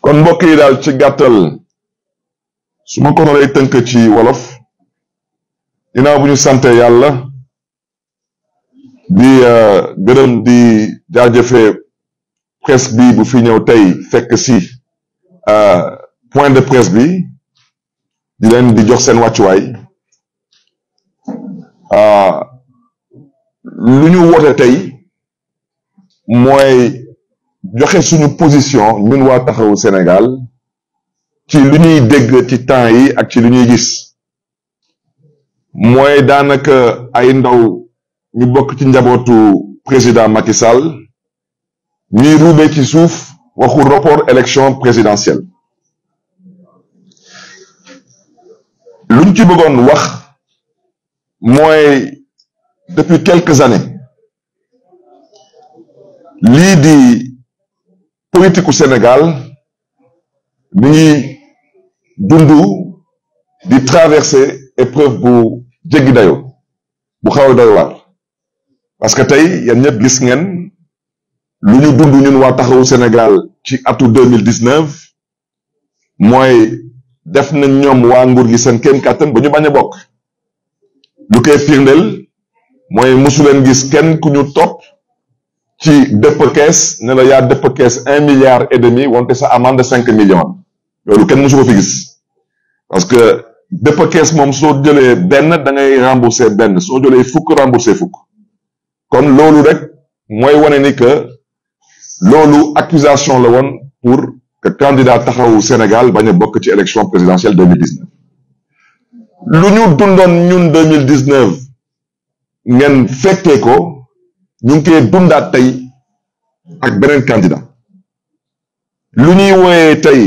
kon mbokk yi daal ci gàttal su ma ko naree tënk ci wolof dinaa bu ñu sante yàlla di euh, gërëm di jaajëfe presse bi bu fi ñëw tey fekk si euh, point de presse bi di leen di jox seen wàccuwaay euh, lu ñu tey mooy joxe suñu position ñun waa taxawu Sénégal ci li ñuy dégg ci temps yi ak ci lu ñuy gis mooy daanaka ay ndaw ñu bokk ci njabootu président Macky Sall ñuy ruube ci suuf waxu rapport élection présidentielle luñ ci bëggoon wax mooy depuis quelques années lii di politiku Sénégal mi ngi dund di traverser épreuve bu jéggi dayo bu xaw a doy parce que tey yéen ñëpp gis ngeen lu ñu dund ñun waa taxawu Sénégal ci atu deux mille dix neuf mooy def nañ ñoom waa nguur gi seen kenn kàttan ba ñu bañ a bokk lu koy firndeel mooy mosu leen gis kenn ku ñu topp. ci dëpp kees ne la yaa dëpp kees un milliard et demi wante sa amende cinq millions loolu kenn mësu ko fi gis parce que dëpp kees moom soo jëlee benn dangay ngay benn soo jëlee fukk remboursé fukk kon loolu rek mooy wane ni que loolu accusation la woon pour que candidat taxawu Sénégal bañ a bokk ci élection présidentielle 2019 lu ñu dundoon ñun ngeen fekkee ko ñu ngi koy dundaat tey ak beneen candidat lu ñuy wooyee tey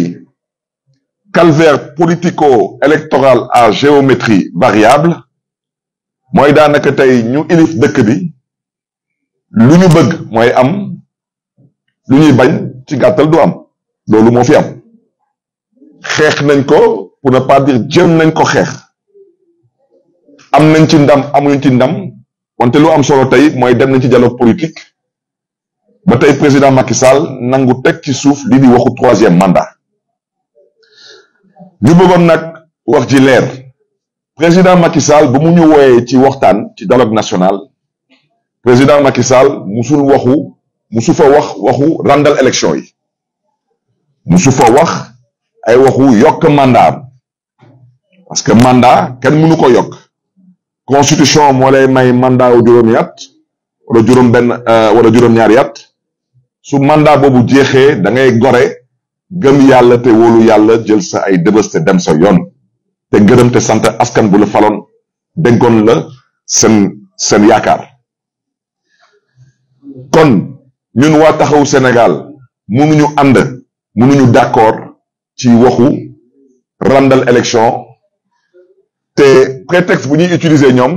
calvaire politico électoral à géométrie variable mooy daanaka tey ñu ilif dëkk bi lu ñu bëgg mooy am lu ñuy bañ ci gàttal du am loolu moo fi am xeex nañ ko pour ne pas dire jëm nañ ko xeex am nañ ci ndam amuñu ci ndam wante lu am solo tey mooy dem nañ ci dialogue politique ba tey président Macky Sall nangu teg ci suuf lii di waxu troisième mandat ñu bëggoon nag wax ji leer président Macky Sall ba mu ñu wooyee ci waxtaan ci dialogue national président Macky Sall musul waxu musu fa wax waxu randal élection yi musu fa wax ay waxu yokk mandat parce que mandat kenn mënu ko yokk constitution moo lay may mandat wu juróomi at wala juróom benn euh, wala juróom-ñaari at su mandat boobu jeexee da ngay gore gëm yàlla te wóolu yàlla jël sa ay dëbës te dem sa yoon te gërëm te sant askan bu la faloon déggoon la sen seen yaakaar kon ñun waa taxawu Sénégal mënuñu ànd mënuñu d'accord ci waxu randal élection te prétexte bu ñuy utiliser ñoom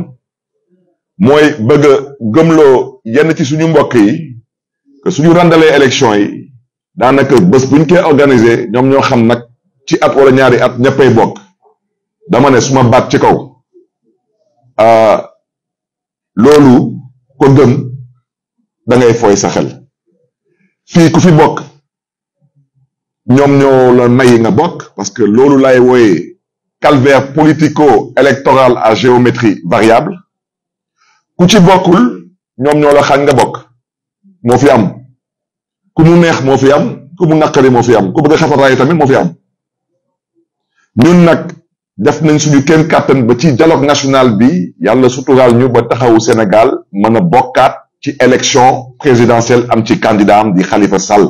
mooy bëgg a gëmloo yenn ci suñu mbokk yi suñu rendalee élection yi daanaka bés buñ koy organiser ñoom ñoo xam nag ci at wala ñaari at ñëppay bokk dama ne suma baat ci kaw ah, loolu ko gëm da ngay fooy sa xel fii ku fi bokk ñoom ñoo la may nga bokk parce que loolu lay wooyee calvaire politico-électoral a géométrie variable ku ci bokkul ñoom ñoo la xañ nga bokk moo fi am ku mu neex moo fi am ku mu naqari moo fi am ku bëgg a xafataayi tamit moo fi am ñun nag def nañ suñu kenn kàttan ba ci dialogue national bi yàlla suturaal ñu ba taxawu Sénégal mën a bokkaat ci élection présidentielle am ci candidat am di Khalifa Sall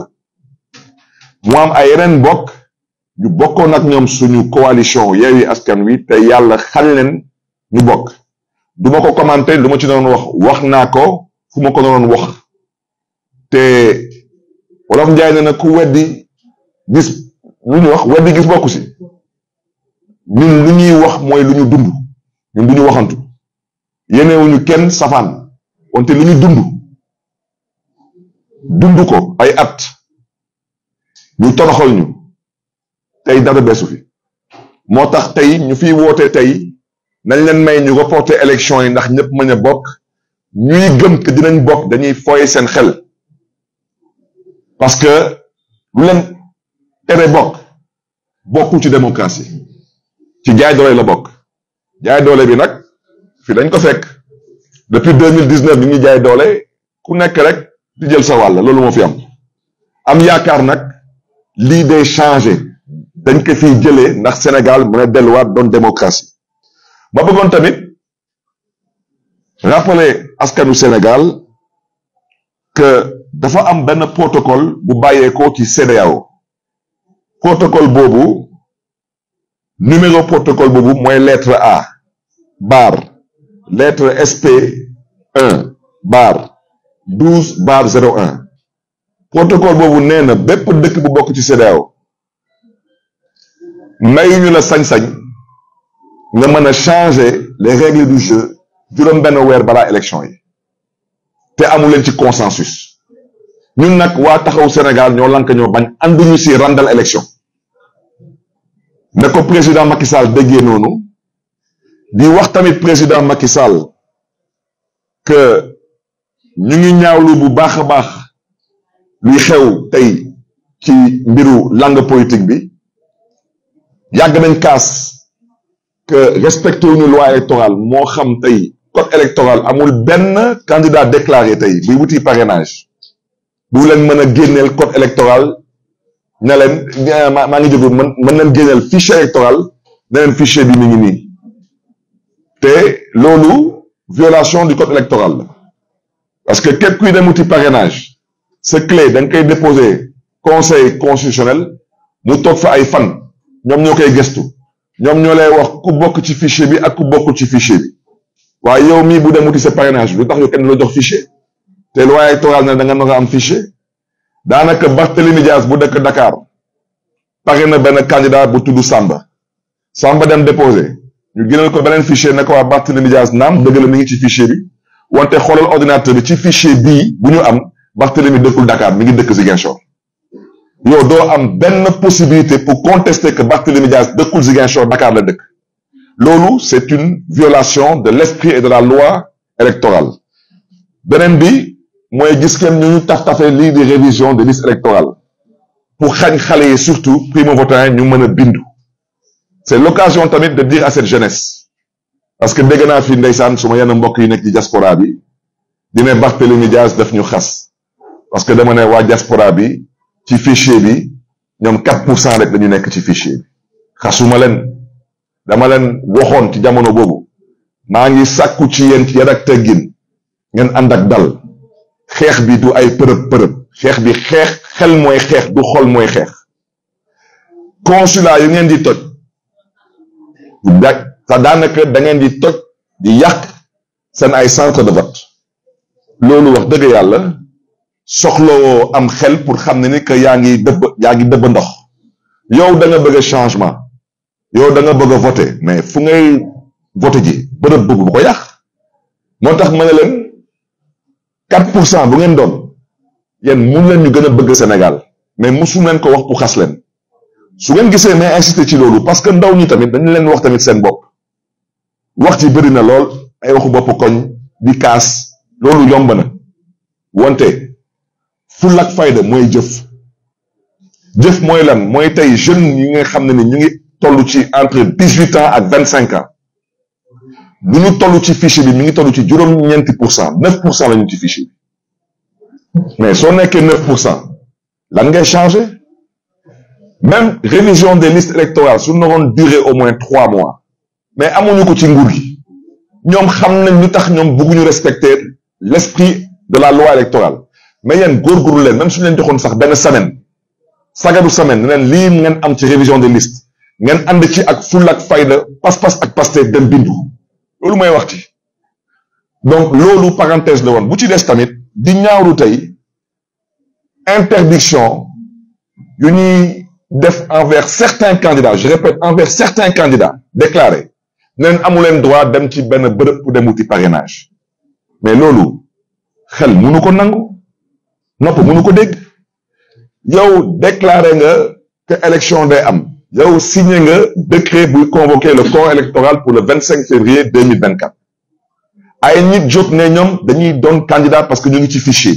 mu ay yeneen bokk ñu bokkoon ak ñoom suñu coalition Yewwi Askan Wi te yàlla xal leen ñu bokk du ma ko commenté lu ma ci doon wax wax naa ko fu ma ko doon wax te wolof njaay ne na ku weddi gis lu ñu wax weddi gis bokku si ñun lu ñuy wax mooy lu ñu dund ñun du ñu waxantu yenewuñu kenn safaan wante lu ñu dund dund ko ay at ñu toroxal ñu tey dara beesu fi moo tax tey ñu fi woote tey nañ leen may ñu reporter élection yi ndax ñëpp mën bokk ñuy gëm te dinañ bokk dañuy foye seen xel parce que lu leen tere bokk bokkul ci démocratie ci jaay doole la bokk jaay doole bi nag fi dañ ko fekk depuis deux mille dix neuf bi ñuy jaay doole ku nekk rek di jël sa wàll loolu moo fi am am yaakaar nag lii day changé dañ ko fi jëlee ndax Sénégal mën a delluwaat doon démocratie ma bëggoon tamit rappeler askanu Sénégal que dafa am benn protocole bu bàyyeekoo ci CEDEAO protocole boobu numéro protocole boobu mooy lettre A bar lettre SP 1 bar 12 bar 01 protocole boobu nee na bépp dëkk bu bokk ci CEDEAO mayuñu la sañ-sañ nga mën a changer les règles du jeu juróom benn weer balaa élection yi te amu leen ci consensus ñun nag waa taxaw Sénégal ñoo lank ñoo bañ ànduñu si randal élection ne ko président Macky Sall déggee noonu di wax tamit président Macky Sall ñu ngi ñaawlu bu baax a baax luy xew tey ci mbiru langue politique bi yàgg nañ kaas que respecté wuñu loi électorale moo xam tey code électoral amul benn candidat déclaré tey buy wuti parrainage bu leen mën a génneel code électoral ne leen maa ngi jógu man mën leen génneel fichier électoral ne leen fichier bi mi ngi nii te loolu violation di code électoral la parce que képp kuy de wuti parrainage sa clé da nga koy déposer conseil constitutionnel mu toog fa ay fan ñoom ñoo koy gëstu ñoom ñoo lay wax ku bokk ci fichier bi ak ku bokkul ci fichier bi waaye yow mii bu dem wuti sa parrainage lu tax yow kenn la jox fichier te loi électorale ne da nga nar a am fichier daanaka Barthélémy Dias bu dëkk Dakar pare na benn candidat bu tudd Samba Samba dem déposé ñu gënal ko beneen fichier ne ko waa Barthélémy Dias naam dëgg la mi ngi ci fichier bi wante xoolal ordinateur bi ci fichier bii bu ñu am Barthélémy dëkkul Dakar mi ngi dëkk Ziguinchor yow doo am benn possibilité pour contester que Barthélémy Dias dëkkul Ziguinchor Dakar la dëkk loolu c'est une violation de l'esprit et de la loi électorale beneen bi mooy gis ngeen ñu ñu taf-tafe lii di révision des listes électorales pour xañ xale yi surtout primo-votants ñu mën a bindu c'est l'occasion tamit de dire à cette jeunesse parce que dégg naa fi ndeysaan suma yenn mbokk yi nekk ci diaspora bi di ne Barthélémy Dias daf ñu xas parce que dama ne waa diaspora bi ci fichier bi ñoom 4 pour cent rek dañu nekk ci fichier bi xasuma leen dama leen woxoon ci jamono boobu maa ngi sakku ci yéen ci yar ak teggin ngeen ànd ak dal xeex bi du ay përëb përëb xeex bi xeex xel mooy xeex du xol mooy xeex consulat yu ngeen di toj da te daanaka da ngeen di toj di yàq seen ay centre de vote loolu wax dëgg yàlla soxlawoo am xel pour xam ne ni que yaa ngi dëbb yaa ngi dëbb ndox yow danga nga bëgg changement yow da nga bëgg a mais fu ngay voter ji bërëb bëgg bu ko yàq moo tax ma ne leen quatre pour cent bu ngeen doon yéen mu leen ñu gën a bëgg Sénégal mais mu musu leen ko wax pour xas leen su ngeen gisee mais insisté ci loolu parce que ndaw ñi tamit dañu leen wax tamit seen bopp wax ci bëri na lool ay waxu bopp koñ di kaas loolu yomb na wante. fulla ak fayda mooy jëf jëf mooy lan mooy tey jeunes yi nga xam ne ni ñu ngi toll ci entre dix huit ans ak vingt cinq ans bu ñu toll ci fichier bi mi ngi tollu ci juróom-ñeenti pour cent neuf pour la ñu ci fichier mais soo nekkee neuf pour cent lan ngay changé même révision des listes électorales su naroon durer au moins trois mois mais amuñu ko ci nguur ñoom xam nañ ñu tax ñoom bëgguñu respecter l'esprit de la loi électorale mais yéen góorgóorlu leen même suñu leen joxoon sax benn semaine sagaru semaine ne leen lii ngeen am ci révision de listes ngeen ànd ci ak fulla ak fayda pas-pas ak paste dem bindu loolu mooy wax ci donc loolu parenthèse la woon bu ci des tamit di ñaaru tey interdiction yu ñuy def envers certains candidats je répète envers certains candidats déclarés ne leen amu leen droit dem ci benn bërëb pour dem wuti parrainage mais loolu xel mënu ko nangu nopp mënu ko dégg yow déclaré nga que élection day am yow signé nga décret buy convoquer le corps électoral pour le vingt cinq février deux mille vingt ay nit jot ne ñoom dañuy doon candidat parce que ñu ngi ci fichier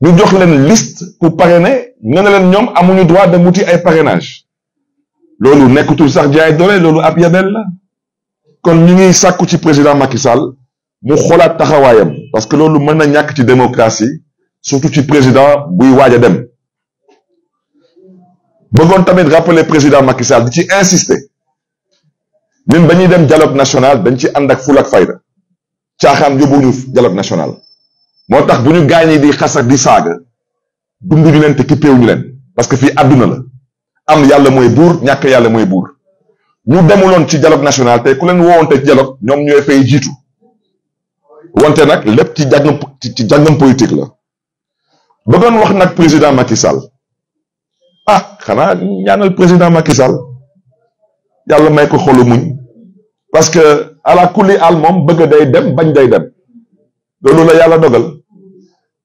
bi ñu jox leen liste pour parrainer nga ne leen ñoom amuñu droit de muti ay parrainage loolu nekkatul sax jaay doole loolu ab yabel la kon ñu ngi sakku ci président Macky mu xoolaat taxawaayam parce que loolu mën na ñàkk ci démocratie surtout ci président buy waaj a dem bëggoon tamit rappeler président Macky di ci insister ñun ba ñuy dem dialogue national dañ ci ànd ak ful ak fayda caaxaan ñu dialogue national moo tax bu ñu gaañee di xas ak di saaga ñu leen te kippéewuñu leen parce que fii àdduna la am yàlla mooy buur ñàkk yàlla mooy buur ñu loon ci dialogue national tey ku leen woowoonte ci dialogue ñoom ñooy fay jiitu wonte nag lépp ci jàngam ci jàngam la. ba wax nag président Macky Sall ah xanaa ñaanal président makisal Sall yàlla may ko xolu muñ parce que ala kulli al moom bëgg day dem bañ day dem loolu la yàlla dogal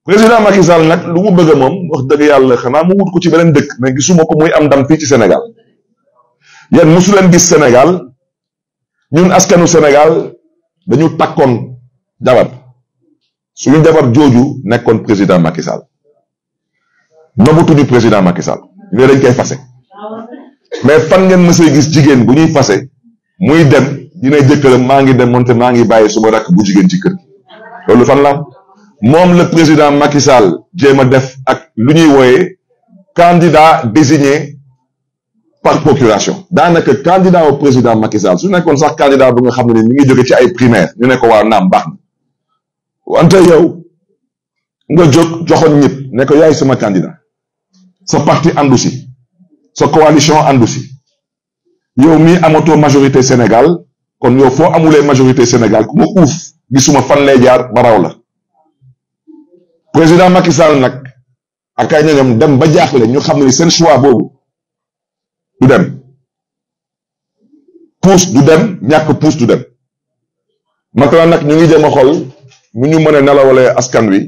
président Macky Sall nag lu mu bëgg moom wax dëgg yàlla xanaa mu wut ko ci beneen dëkk mais gisuma ko muy am ndam fii ci Sénégal yéen mosu leen gis senegal ñun askanu Sénégal dañu takkoon jabar suñu jabar jooju nekkoon président Macky Sall nobatuñu président Macky Sall ñu ne dañ koy fase mais fan ngeen mësee gis jigéen bu ñuy fase muy dem dina jëkkëram maa ngi dem moonte maa ngi bàyyi suma rakk bu jigéen ci kër loolu fan la moom la président Macky Sall jéem a def ak lu ñuy wooyee candidat désigné par procuration daanaka candidat au président Macky Sall su nekkoon sax candidat bu nga xam ne ni mi ngi jóge ci ay primaire ñu ne ko waa naam baax na wante yow nga jóg joxoon ñëpp nekk ko yaay sama candidat sa parti àndu si sa coalition àndu yow mii amatoo majorité Sénégal kon yow foo amulee majorité Sénégal ku ma uuf gisuma fan lay jaar ba la président Macky Sall nag ak ay ñoñom dem ba jaaxle ñu xam ne seen choix boobu du dem pousse du dem ñàkk pousse du dem maintenant nag ñu ngi jëm a xool nu ñu mën a askan wi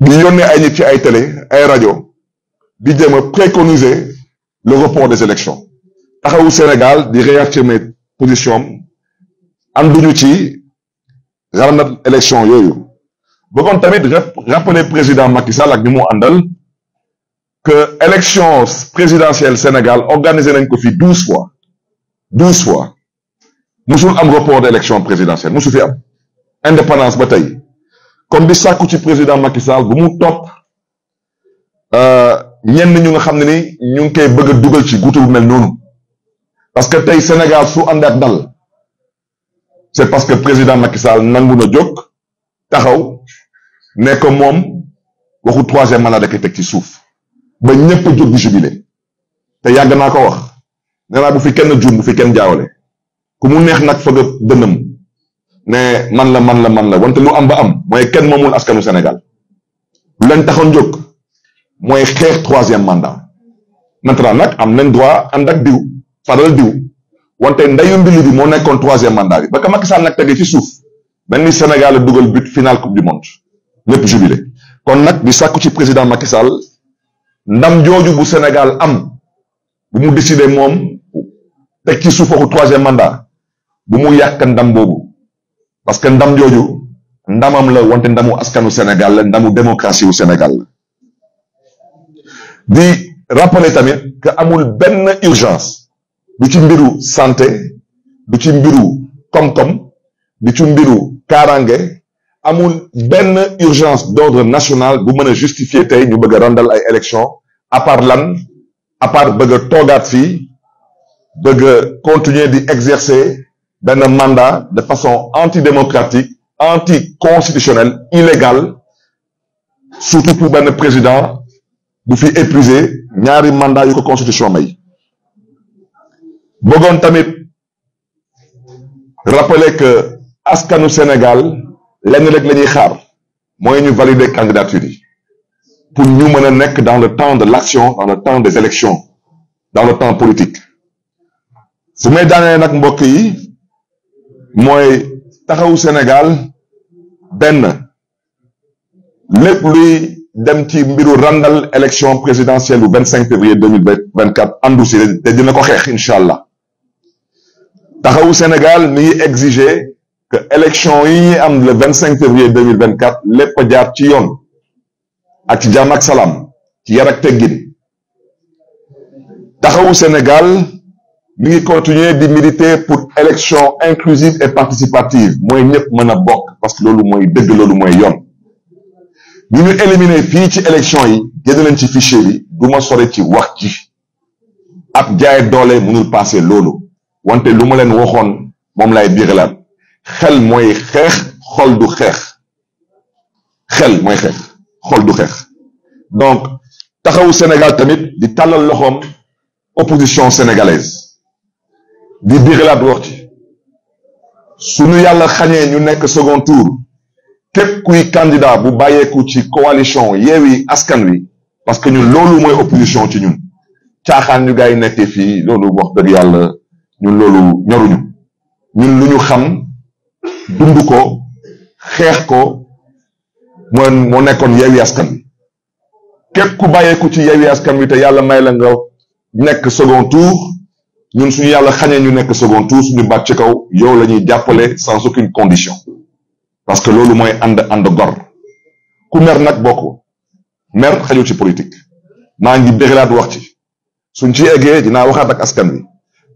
di yónnee ay nit ci ay télé ay rajo di jéem a préconiser le report des élections taxawu Sénégal di réaffirmer position am ànduñu ci ràllum élection yooyu bëggoon tamit rappeler président Macky Sall ak ñi mu àndal que élection présidentielle Sénégal organisé nañ ko fi douze fois douze fois musul am report d'élection présidentielle musu fi am indépendance ba tey kon di ci président Macky Sall bu mu topp. Euh, ñenn ñu nga xam ne ni ñu ngi koy bëgg dugal ci guutu bu mel noonu parce que tey Sénégal su ànd ak dal c'est parce que président Macky Sall nangu na jóg taxaw ne moom waxu troisième mandat da koy teg ci suuf ba ñëpp a jóg bu jubilé te yàgg naa ko wax nee bu fi kenn juum bu fi kenn jaawale ku mu neex nag fëgg a dënnam ne man la man la man la wante lu am ba am mooy kenn moomul askanu Sénégal lu leen taxoon jóg. mooy xeex troisième mandat maintenant nag am nañ droit ànd ak diw faral diw wante ndayu mbili bi moo nekkoon troisième mandat bi ba ka Macky Sall nag tegee ci suuf mel ni Sénégal dugal but final coupe du monde ñëpp jubilé kon nag bi sàkku ci président Macky Sall ndam jooju bu Sénégal am bu mu décidé moom teg ci suuf waxu troisième mandat bu mu yàq ndam boobu parce que ndam jooju ndamam la wante ndamu askanu Sénégal la ndamu démocratie wu Sénégal di rappeler tamit que amul benn urgence bi ci mbiru santé bi ci mbiru koom-koom ci mbiru kaaraange amul benn urgence d'ordre national bu mën a justifier tey ñu bëgg a randal ay élections à part lan à part bëgg a toogaat fii bëgg a continuer di exercer benn mandat de façon antidémocratique anticonstitutionnelle illégale surtout pour benn président bu fi épuisé ñaari mandat yu ko constitution may bëggoon tamit rappeler askanu Sénégal lenn rek la ñuy xaar mooy ñu valider candidature yi pour ñu mën a nekk dans le temps de l'action dans le temps de élections dans le temps politique su may daanee nag mbokk yi mooy taxawu Sénégal benn lépp luy dem ci mbiru randal élection présidentielle bu vingt cinq février deux mille vingt quatre andu si te dina ko xeex incha allah taxawu Sénégal mi ngi exiger que élection yi ñuy am le vingt cinq février deux mille vingt quatre lépp a jaar ci yoon ak ci jàmm ak salaam taxawu Sénégal mi ngi continuer di militer pour élection inclusive et participative mooy ñëpp mën a bokk parce que loolu mooy dëgg loolu mooy yoon. ñu ñu éliminé fii ci élection yi génn leen ci fichier bi du ma sore ci wax ji ab jaay doole mënul paase loolu wante lu ma leen waxoon moom lay biiralaat xel mooy xeex xol du xeex xel mooy xeex xool du xeex donc taxawu Sénégal tamit di tàllal loxoom opposition sénégalaise di biiralaat wax ci suñu yàlla xañee ñu nekk second tour képp kuy candidat bu bàyyeeku ci coalition Yewwi Askan Wi parce que ñun loolu mooy opposition ci ñun caaxaan ñu gars yi nekkee fii loolu wax dëgg yàlla ñun loolu ñoruñu ñun lu ñu xam dund ko xeex ko moo moo nekkoon Yewwi Askan Wi képp ku bàyyeeku ci Yewwi Askan Wi te yàlla may la nga nekk second tour ñun suñu yàlla xañee ñu nekk second tour suñu baat ci kaw yow lañuy jàppale sans aucune condition parce que loolu mooy ànd ànd gor ku mer nag bokk mer xajul ci politique maa ngi déglaat wax ci suñ ci eggee dinaa waxaat ak askan wi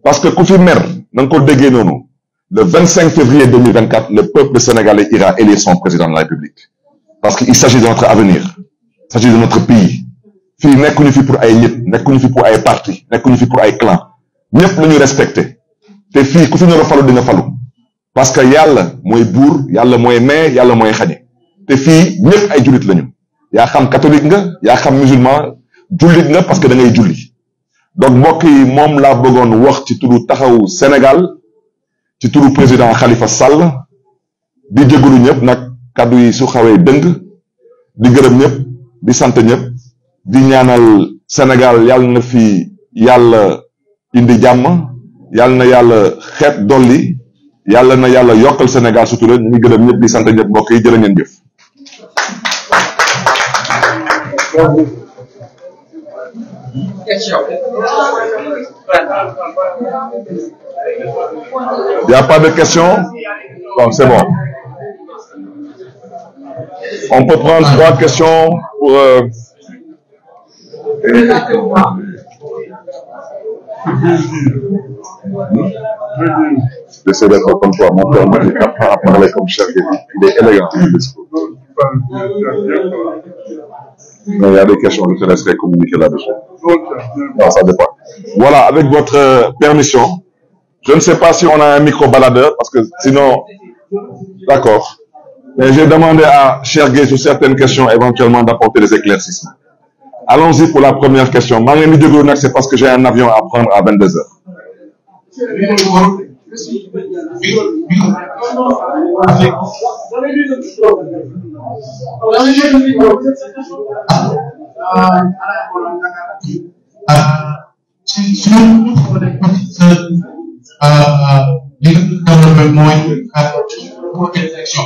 parce que ku fi mer na nga ko déggee noonu le 25 février 2024 le peuple sénégalais ira élire son président de la République parce que il s'agit de notre avenir s'agit de notre pays fii nekkuñu fi pour ay nit nekkuñu fi pour ay parti nekkuñu fi pour ay clan ñëpp la ñu respecté te fii ku fi nar a falu parce que yàlla mooy buur yàlla mooy may yàlla mooy xañe te fi ñëpp ay jullit lañu yaa xam catholique nga yaa xam musulman jullit nga parce que da ngay julli donc mbokk yi moom laa bëggoon wax ci turu taxawu Sénégal ci turu président Khalifa Sall di jégalu ñëpp nag kàddu yi su xawee dëng di gërëm ñëpp di sant ñëpp di ñaanal Sénégal yàlla na fi yàlla indi jàmm yàlla na yàlla xeet dolli yàlla na yàlla yokkal Sénégal sutura ñu ngi gërëm ñëpp di sant ñëpp mbokk yi jërë ngeen jëf. Il n'y a pas de questions? Bon, c'est bon. On peut prendre trois questions pour euh... Et... d'essayer d'être comme toi. Mon père m'a dit apprends à parler comme Cheikh Gueye. Il est élégant dans y a des questions, je te laisserai communiquer là-dessus. Non, ça dépend. Voilà, euh, je ne sais pas si on a un micro-baladeur, parce que sinon, d'accord. Mais j'ai demandé à Cheikh Gueye certaines questions éventuellement d'apporter des éclaircissements. Allons-y pour la première question. Marie-Midi c'est parce que j'ai un avion à prendre à 22 ah ci suñu li nga développé mooy protection.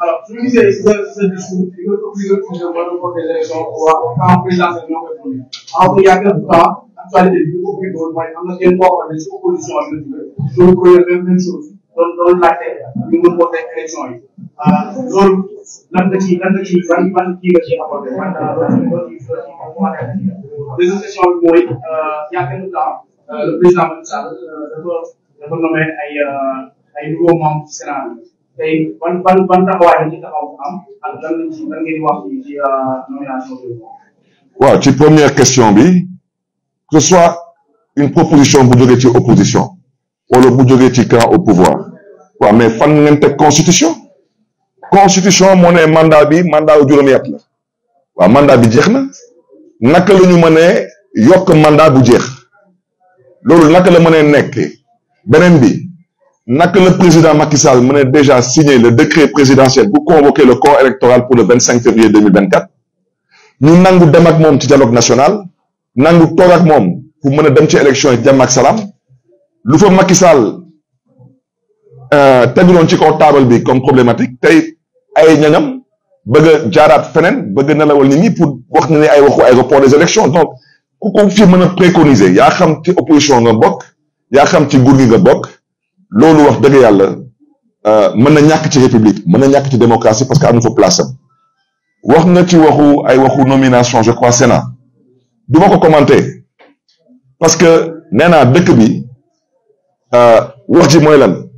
alors suñu gisee sa sa discours bi nga obligé de mën a porter élection waa présidentielle ñoo koy tourné alors que y' a quelque temps actualité bi ñu ko occupé woon mooy am na seen koo xam ne si opposition bi la jógee loolu problème même chose. doon doon laajte ñu mën koo teg élection yi ah, loolu lan nga ci lan nga ci ban ban kii nga ci apporté ban ah, deuxième question bi mooy y a quelque temps ah, le président Macky Sall dafa dafa nommé ay ay nouveaux membres du Sénat bi tey ban ban ban taxawaay la ci taxaw am ak lan lañ ci lan ngeen di wax ci nomination boobu. waaw ci première question bi que ce soit une proposition bu jógee ci opposition wala bu jógee ci camp au pouvoir waaw mais fan ngeen teg constitution constitution moo ne mandat bi mandat wu juróomi at la waaw jeex na naka la ñu mënee yokk mandat bu jeex loolu naka la mënee nekk beneen bi naka le président Macky Sall mënee déjà signé le décret présidentiel bu convoquer le corps électoral pour le vingt cinq février deux mille vingt quatre ñu nangu dem ak moom ci dialogue national nangu toog moom pour mën a dem ci élection yi jàmm ak salaam lu fa Macky Euh, teguloon ci kaw taabal bi comme problématique tey ay ñañam bëgg jaaraat feneen bëgg na lawal nit ñi pour wax ne ne ay waxu ay report des élections donc ku ko fi mën a préconiser yaa xam ci opposition nga bokk yaa xam ci gur gi nga bokk loolu wax dëgg yàlla euh, mën na ñàkk ci république mën na ñàkk ci démocratie parce que amu fa place am wax nga ci waxu ay waxu nomination je crois Sénat du ma ko commenter parce que nee naa dëkk bi euh, wax ji mooy lan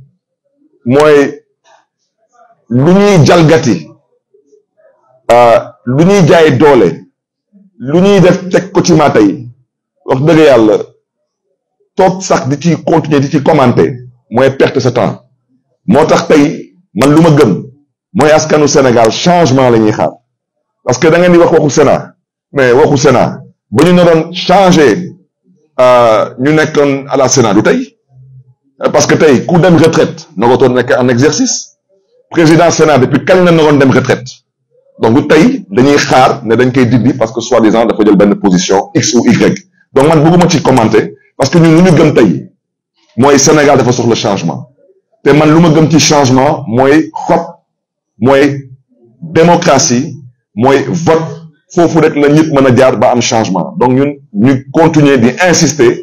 mooy lu ñuy jalgati ah, lu ñuy jaay doole lu ñuy def teg ko ci yi wax dëgg yàlla toog sax di ci continuer di ci commenter mooy perte sa temps moo tax tey man lu ma gëm mooy askanu Sénégal changement la ñuy xaar parce que da ngeen di wax waxu séna mais waxu Sénat ba ñu naroon changer ah, ñu nekkoon à la du tey Euh, parce que tey ku dem retraite nangatoon nekk en exercice président Sénat depuis na la naroon dem retraite donc tey dañuy xaar ne dañ koy dindi parce que soi-disant dafa jël benn position x ou y donc man bëgguma ci commenter parce que ñu lu ñu gëm tey mooy Sénégal de dafa soxla changement te man lu ma gëm ci changement mooy xob mooy démocratie mooy vote foofu rek la ñëpp mën a jaar ba am changement donc ñun ñu continuer di insister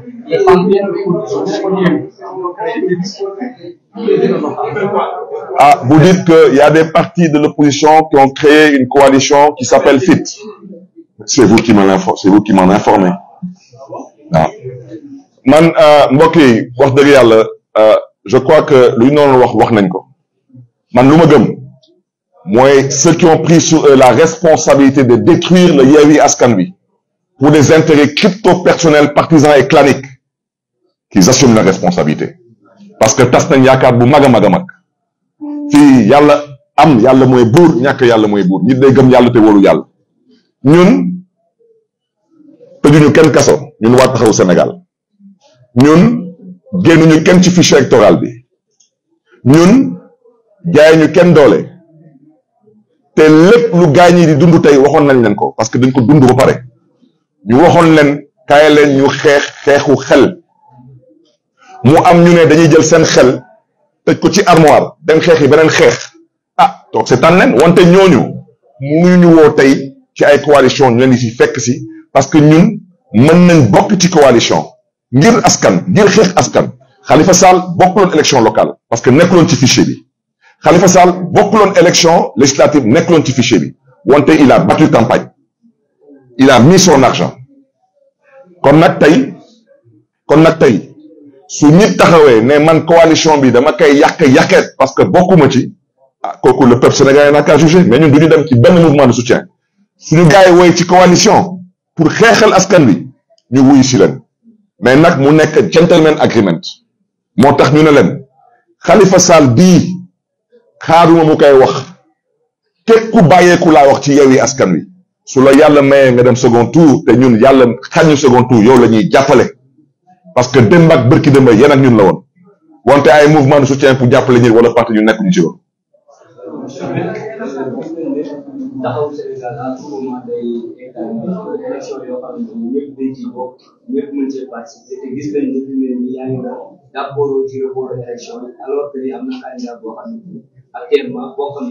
Ah, vous dites qu'il y a des partis de l'opposition qui ont créé une coalition qui s'appelle FIT. C'est vous qui m'en informez, c'est vous qui ah. euh, wax dëgg yàlla euh, je crois que lu ñu wax wax nañ ko. Man lu ma gëm mooy ceux qui ont pris sur eux la responsabilité de détruire le Yewwi Askan Wi pour des intérêts crypto-personnels, partisans et claniques. qu'ils assument la responsabilité parce que tas nañ yaakaar bu mag a mag a mag fii yàlla am yàlla mooy buur ñàkk yàlla mooy buur ñi day gëm yàlla te wolu yàlla ñun tëjuñu kenn kaso ñun waa taxawu Sénégal ñun génnuñu kenn ci fichier électoral bi ñun jaayuñu kenn doole te lépp lu gaañ yi di dund tey waxoon nañ leen ko parce que dañ ko dund ba pare ñu waxoon leen kaay leen ñu xeex xeexu xel mu am ñu dañuy jël seen xel tëj ko ci armoire dem xeex yi beneen xeex ah donc c'est tànn leen wante ñooñu mënuñu woo tey ci ay coalition ñu leen si fekk si parce que ñun mën nañ bokk ci coalition ngir askan ngir xeex askan Khalifa bokk bokkuloon élection local parce que nekkuloon ci fichier bi Khalifa Sall bokkuloon élection législative nekkuloon ci fichier bi wante il a battu campagne il a mis son argent kon nag tey kon nag tey su nit taxawee ne man coalition bi dama koy yàq yàqeet parce que bokkuma ci ah kooku le peuple sénégalais n'a qu'à juger mais ñun du ñu dem ci benn mouvement de soutien suñu gars yi woy ci coalition pour xeexal askan wi ñu wuyu si leen mais nag mu nekk gentleman agreement moo tax ñu ne leen Khalifa Sall bii xaaruma mu koy wax képp ku bàyyeeku laa wax ci Yewwi Askan Wi su la yàlla mayee nga dem second tour te ñun yàlla xañu second tour yow la ñuy jàppale parce que démb ak bërki démb yéen ak ñun la woon wante ay mouvement de soutien pour jàppale ñi wala parti ñu nekk ñu ci woon. actuellement bokk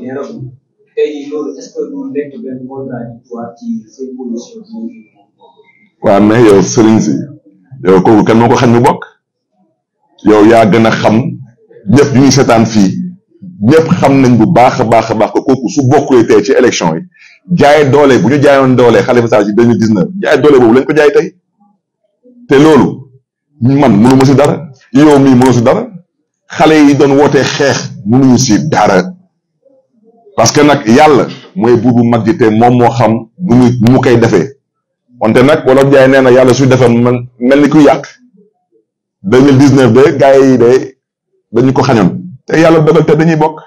na si. yow kooku kenn moo ko xam mu bokk yow yaa gën a xam ñëpp ñu ngi seetaan fii ñëpp xam nañ bu baax a baax baax ko kooku su bokkule tey ci élection yi jaay doole bu ñu jaayoon doolee Khalifa Sall ci deux mille dix neuf jaay boobu lañ ko jaay tey loolu man mënu ma si dara yow mii mënu si xale yi doon wootee xeex mënuñu si dara parce que nag yàlla mooy buur bu mag ji te moom moo xam mu mu koy defee wante nag wolof Ndiaye nee na yàlla su defoon man mel ni ku yàq deux mille dix neuf de gars dañu ko xañoon te yàlla dogal te dañuy bokk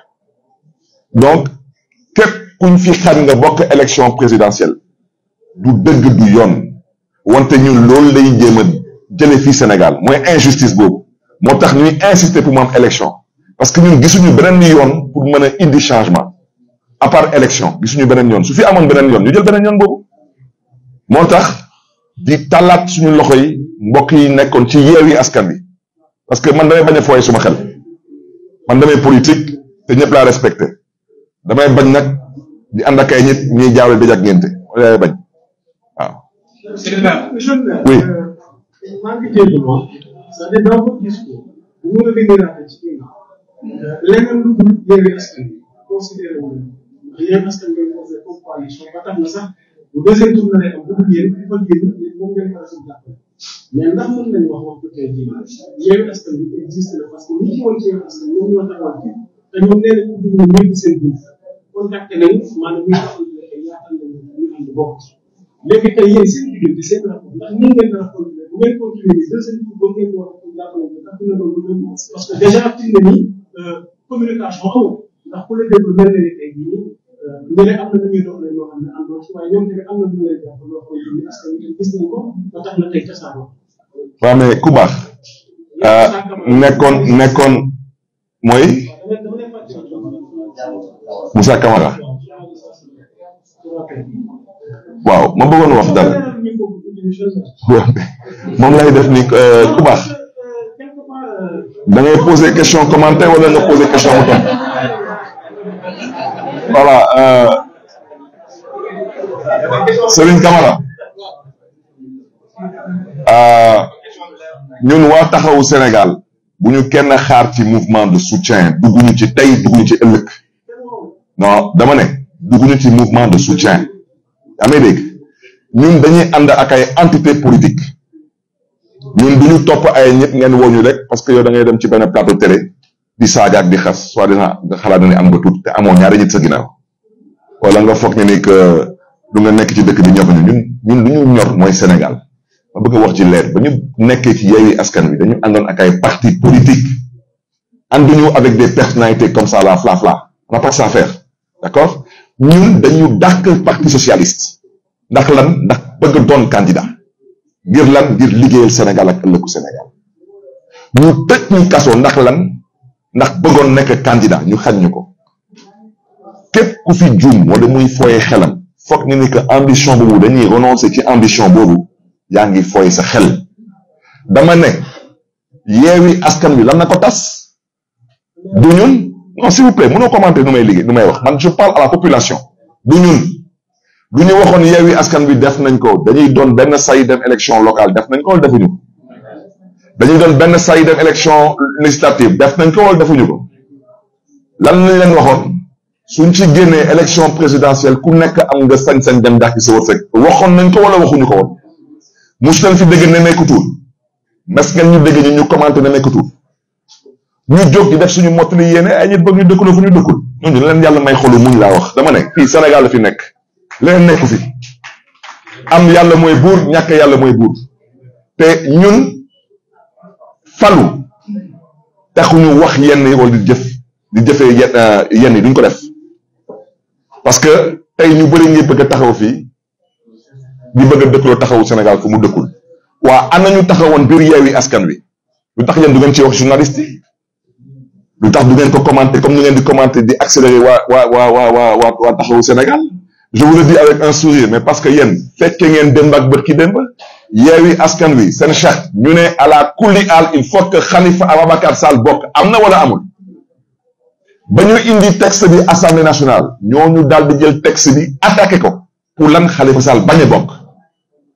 donc képp kuñ fi xañ nga bokk élection présidentielle du dëgg du yoon wante ñun loolu lañu jéem a jële fii Sénégal mooy injustice boobu moo tax ñuy insister pour mu am élection parce que ñun gisuñu beneen yoon pour mën a indi changement à part élection gisuñu beneen yoon su fi amoon beneen yoon ñu jël beneen yoon boobu moo tax di talaat suñu loxo yi mbokk yi nekkoon ci yeewi askan wi parce que man damay bañ a fooye suma xel man damay politique te ñëpp laa respecté damay bañ nag di ànd ak ay nit ñuy jaawle dëj ak ngénte damay bañ waaw. bu deuxième tour na am bu dugg yéen bu fa génn yéen moom ngeen mën a suñu jàppale mais ndax mën nañu wax wax ko tey jii Yewwi Askan Wi existe la parce que ñi ci woon ci Yewwi Askan Wi ñoom ñoo taxawal fii te ñoom nee nañ ubbi na ñëpp seen buuf contacté nañu maanaam ñu taxawal ne yaatal nañu ñu ànd bokk léegi tey yéen seen diggante seen rapport ndax nii ngeen dara continuer bu ngeen continuer nii deuxième tour ba ngeen war a ko jàppale ndax dina doon lu mel parce que déjà fi ne nii euh, communication amul ndax ku la déglu mel na ni tey jii euh, ñu ne am na lu ñuy dox waaye ñoom tamit am na lu leen jàpp loo xam ne askan wi gis nañ ko ba tax na tey tasaaroo. waaw mais ku baax. Ah, ah, nekkoon nekkoon mooy. Moussa ma bëggoon wax lay def ni euh, ku baax. da ngay poser wala nga poser question mu tontu. voilà. Euh, Serigne Camara euh, ñun waa taxawu Sénégal bu ñu kenn xaar ci mouvement de soutien dugguñu ci tey dugguñu ci ëllëg non dama ne dugguñu ci mouvement de soutien amee dégg ñun dañuy ànd ak ay entité politique ñun du ñu topp ay ñëpp ngeen woo ñu rek parce que yow da dem ci benn plateau télé di saaga ak di xas soit dina nga xalaat na am nga tuut te amoo ñaari nit sa ginnaaw wala nga foog ni que lu nga nekk ci dëkk bi ñoo xam ne ñun ñun lu ñu ñor mooy Sénégal ma bëgg wax ci leer ba ñu nekkee ci Yewwi Askan Wi dañu àndoon ak ay parti politique ànduñu avec des personnalités comme ça la fla fla on n'a pas ça à d'accord ñun dañu dàq parti socialiste ndax lan ndax bëgg doon candidat ngir lan ngir liggéeyal Sénégal ak ëllëgu Sénégal ñu tëj ñu kaso ndax lan ndax bëggoon nekk candidat ñu xañ ñu ko képp ku fi juum wala muy foyee xelam foog nga ni que ambition boobu dañuy renoncer ci ambition boobu yaa ngi fooy sa xel dama ne yeewi askan bi lan na ko tas du ñun non s'il vous plaît mënoo commenter nu may liggéey nu may wax man je parle a la population du ñun lu ñu waxoon yeewi askan wi def nañ ko dañuy doon benn say dem élection locale def nañ ko wala defuñu dañuy doon benn say dem élection législative def nañ ko wala defuñu ko lan lañ leen waxoon. suñ ci génnee élection présidentielle ku nekk am nga sañ-sañ dem dàq sa wërsëg waxoon nañ ko wala waxuñu ko woon mus nañ fi dëgg na nekkutul mas ngeen ñu dégg ñu ñu commenté ne ñu jóg di def suñu mottali yéene ay nit bëgg ñu dëkkuloo fu ñu dëkkul ñooñu leen yàlla may xolu muñ laa wax dama ne fii Sénégal la fi nekk leneen nekku fi am yàlla mooy buur ñàkk yàlla mooy buur te ñun falu taxuñu wax yenn yi wala di jëf di jëfee euh, yenn yi duñ ko def parce que tey ñu bëri ngi bëgg a taxaw fii di bëgg a dëkkaloo taxawu Sénégal fu mu dëkkul waa am nañu taxawoon biir yeewi askan wi lu tax yéen du ngeen ci wax journaliste yi lu tax du ngeen ko commenter comme nu ngeen di commenter di accélérer waa waa waa waa waa waa waa taxawu Sénégal je mais parce que yéen fekke ngeen démb ak bët ki démb yeewi askan wi seen ñu ne à la kulli al il faut que Khalifa Ababacar Sall bokk am na wala amul ba ñu indi texte bi assemblée nationale ñooñu daal di jël texte bi attaqué ko pour lan Khalifa Sall bañ a bokk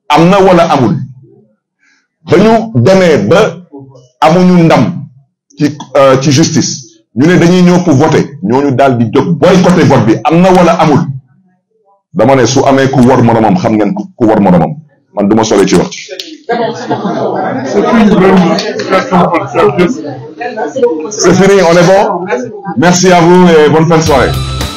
am na walla amul ba ñu demee ba ñu ndam ci euh, ci justice ñu ne dañuy ñëw pour voter ñu daal di jóg boycotté vote bi am na wala amul dama ne su amee ku war moromam xam ngeen ku war moromam man du ma sore ci wax ci C'est une bonne question pour le service. C'est fini, on est bon Merci à vous et bonne fin de soirée.